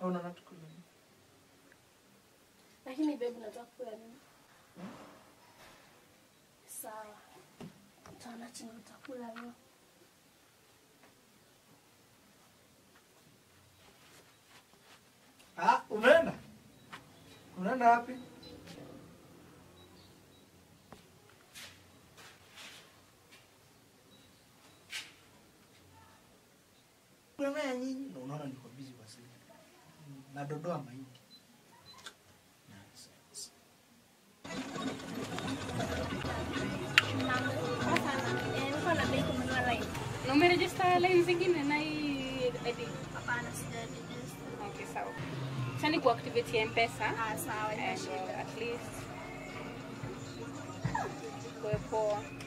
Unaona tukule. Lakini babe, unataka kula nini? Hmm? Sawa. Utaona chini utakula leo. Ah, umeenda? Unaenda wapi? kutegemea nyinyi, na unaona niko busy kwa simu na dodoa mahindi. Na line zingine na hii ID? kuactivate M-Pesa. Ah, uh,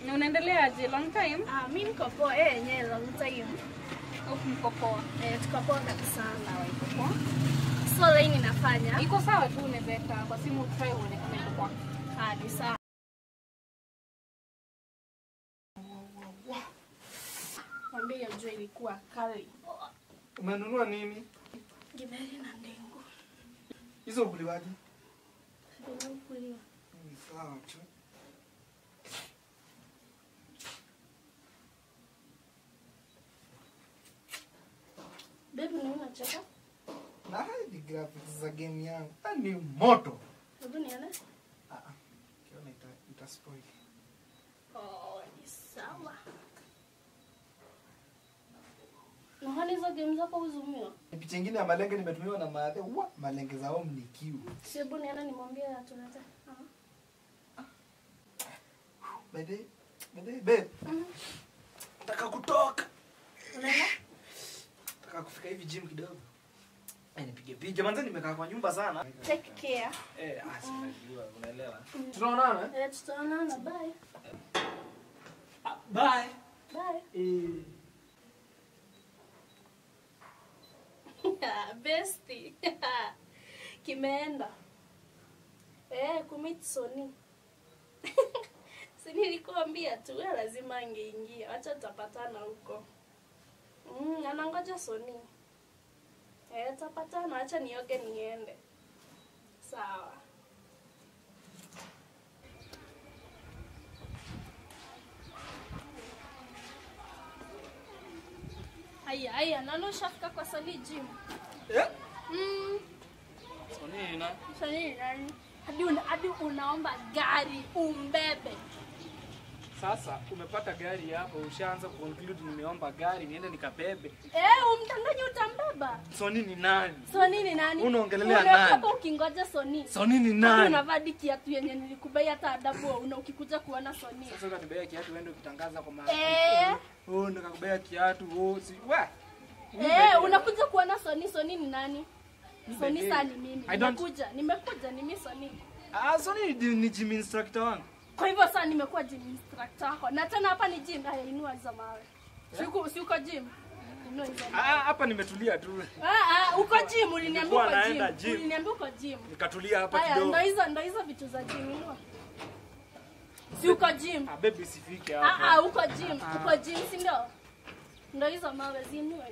Na unaendelea aje long time? mimi ah, niko poa, eh, yeah, long time tukapoa. Eh, tukapoa kabisa. Sawa, iko poa. So line inafanya. Iko sawa tu unaweka kwa simu try uone kama iko poa. Hadi sawa. Mwambie ajue ilikuwa kali. Umenunua nini? Githeri na ndengu. Hizo ukuliwaje? Bila ukuliwa. Sawa tu. graphics za game yangu ni moto ah, kiona ita, ita spoil oh, ni sawa Mahali hizo game zako huzumiwa. Picha ingine ya malenge nimetumiwa na maadhe. Wa, malenge za home ni kiu. Shebu nienda nimwambie tunata. Bebe, bebe, bebe. Nataka kutoka. Nataka kufika hivi gym kidogo. Eh, nipige picha nimekaa kwa nyumba sana. Take care. Eh, ah, unaelewa. Mm. Eh? eh, tutaonana. Bye. Ah, bye. Bye. Eh. Besti. Kimeenda. Eh, kumit Sony. si nilikuambia tu wewe lazima angeingia. Acha tutapatana huko. Mm, anangoja Sony. Eh, na acha nioge niende. Sawa. Aya, aya, nalo shafika kwa Sani gym. Eh? Mm. Sani ina. Sani ina. Hadi una, hadi unaomba gari umbebe. Sasa umepata gari hapo, ushaanza conclude, nimeomba gari niende nikabebe. Eh, umtanganyi utambeba. Soni ni nani? Soni ni nani? Unaongelelea nani? Unataka ukingoja Soni. Soni ni nani? Unavaa kiatu yenye nilikubai hata adabu una ukikuja kuona Soni. Sasa unanibea kiatu uende ukitangaza kwa maana. Eh. Oh, nikakubea kiatu. Oh, si we. Eh, unakuja kuona Soni. Soni ni nani? Soni sani mimi. Nimekuja, nimekuja ni mimi Soni. Ah, Soni ni, ni gym instructor wangu. Kwa hivyo sasa nimekuwa gym instructor wako, na tena hapa ni gym. Haya, inua za mawe. Siku si uko gym? Ah, hapa nimetulia tu. Ah, ah, uko gym, uliniambia uko gym. Uliniambia uko gym. Nikatulia hapa kidogo. Haya, ndio hizo ndio hizo vitu za gym, inua. Si uko gym? Ah, baby, sifiki ah, hapa. Ah, ah, uko gym. Uko gym, si ndio? ndo hizo mawe zinywe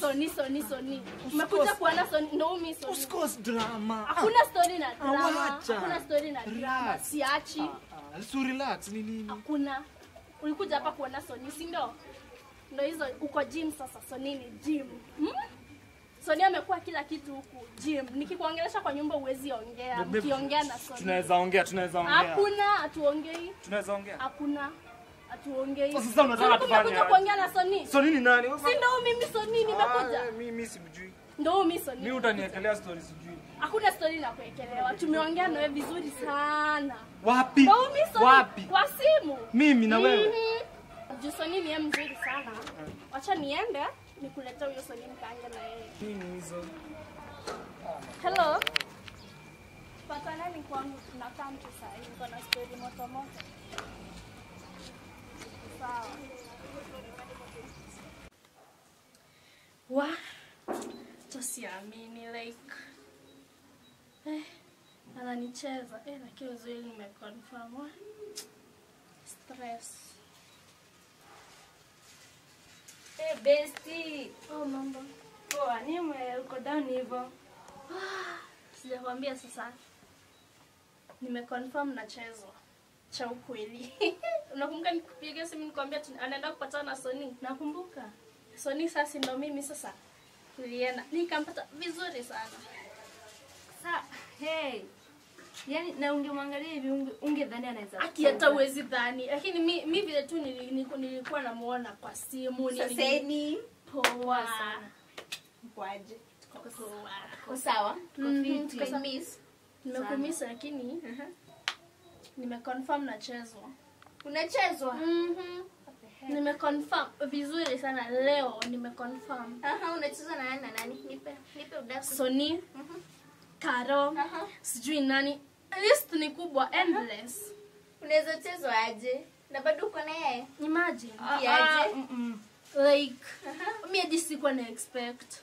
soni soni soni umekuja kuona soni ndo umi soni uskos drama hakuna story ah, na drama hakuna story na drama siachi ah, ah. so relax ni nini hakuna ulikuja hapa kuona soni si ndo ndo hizo uko gym sasa soni ni gym hmm? Soni amekuwa kila kitu huku gym. Nikikuongelesha kwa nyumba uwezi ongea. Mkiongea na Soni. Tunaweza ongea, tunaweza ongea. Hakuna, hatuongei. Tunaweza ongea. Hakuna. Atuongei. Sasa ah, utaniekelea story sijui. Hakuna story na kuekelewa. Tumeongea nawe vizuri sana. Wapi? Ndio mimi Soni. Wapi? Kwa simu. Mimi na wewe. Mm -hmm. Juu Soni ni mzuri sana. Wacha niende nikulete huyo Soni mkaange na yeye. Mimi hizo. Hello. Patana ni kwangu tunakaa mtu sasa. Niko na story moto moto. Wa, tosiamini like eh, ananicheza eh, lakini uzuri nimeconfirm stress eh, Oh, mambo poa, ni uko down hivyo? Ah, sijakwambia sasa, nimeconfirm nachezwa cha ukweli. Unakumbuka nikupiga simu nikwambia anaenda kupatana na Sony? Nakumbuka. Sony sasa ndo mimi sasa. Tulienda nikampata vizuri sana. Sa, hey. Yaani na ungemwangalia hivi unge, unge dhani anaweza. Aki hata uwezi dhani. Lakini mi, mi vile tu nilikuwa nili, nili namuona kwa simu ni Sony. poa sana. Kwaje? Tuko sawa. Tuko mhm. fit. Tuko miss. Nimekumisa lakini uh -huh nimeconfirm nachezwa unachezwa mm-hmm. nimeconfirm vizuri sana leo nimeconfirm Aha, unacheza na nani nani? Nipe nipe udaku. Sony, mm-hmm. Karo, Aha. sijui nani. List ni kubwa endless. Unaweza chezo aje? Na bado uko naye? Imagine. Uh, uh, Aje? mm -mm. Like, uh-huh. mimi hadi sikuwa na expect.